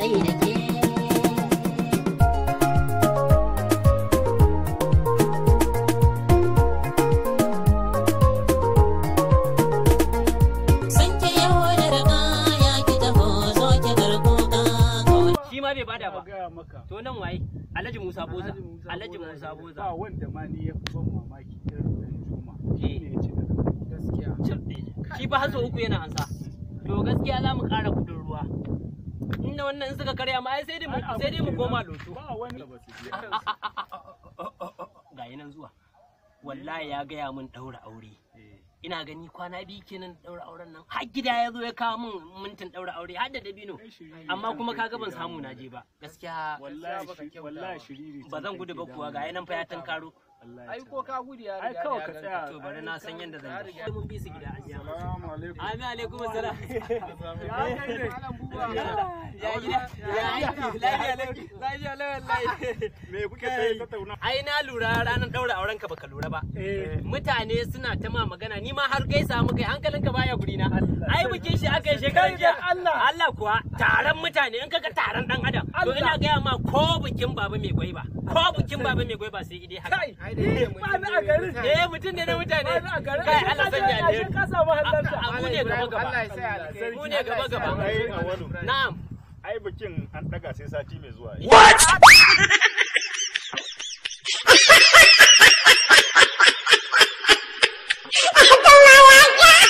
tsayi da ke bai ba to nan waye alhaji musa boza alhaji musa boza ba wanda ma ni ya fi mamaki irin da juma shi ba haso uku yana ansa to gaskiya za mu kara da wannan suka karya ma ai sai dai mu koma loto ga yi zuwa wallahi ya gaya mun ɗaura aure eh. ina gani kwana biyu kenan ɗaura auren nan har gida ya zo ya kawo min mintin daura aure har da dabino amma kuma kaga ban samu na je ba gaskiya wallahi shiriri ba zan gudu ba kuwa ga nan fa ya tankaro ai ko ka gudu ya riga kawai ka to bari na san yanda zan yi mun bi su gida an ji assalamu alaikum amin alaikum assalam ya kai ne ya gida ya aiki lafiya lafiya lafiya me kuke sai tattauna ai na lura ranar daura auren ka baka lura ba eh. mutane suna ta ma magana ni ma har gaisa mu kai hankalin ka baya guri na ai bikin shi aka yi shekaran jiya Allah Allah kuwa taron mutane in kaga taron dan adam to ina ga ma ko bikin baba mai gwaiba ko bikin baba mai gwaiba sai idai haka Bani a eh, mutum ne na mutane. a Kai Allah sanya ne. ka samu Mu ne gaba gaba. Allah ya sa alheri. Mu ne gaba gaba. Na'am. Ai bikin an daga sai sati mai zuwa. What?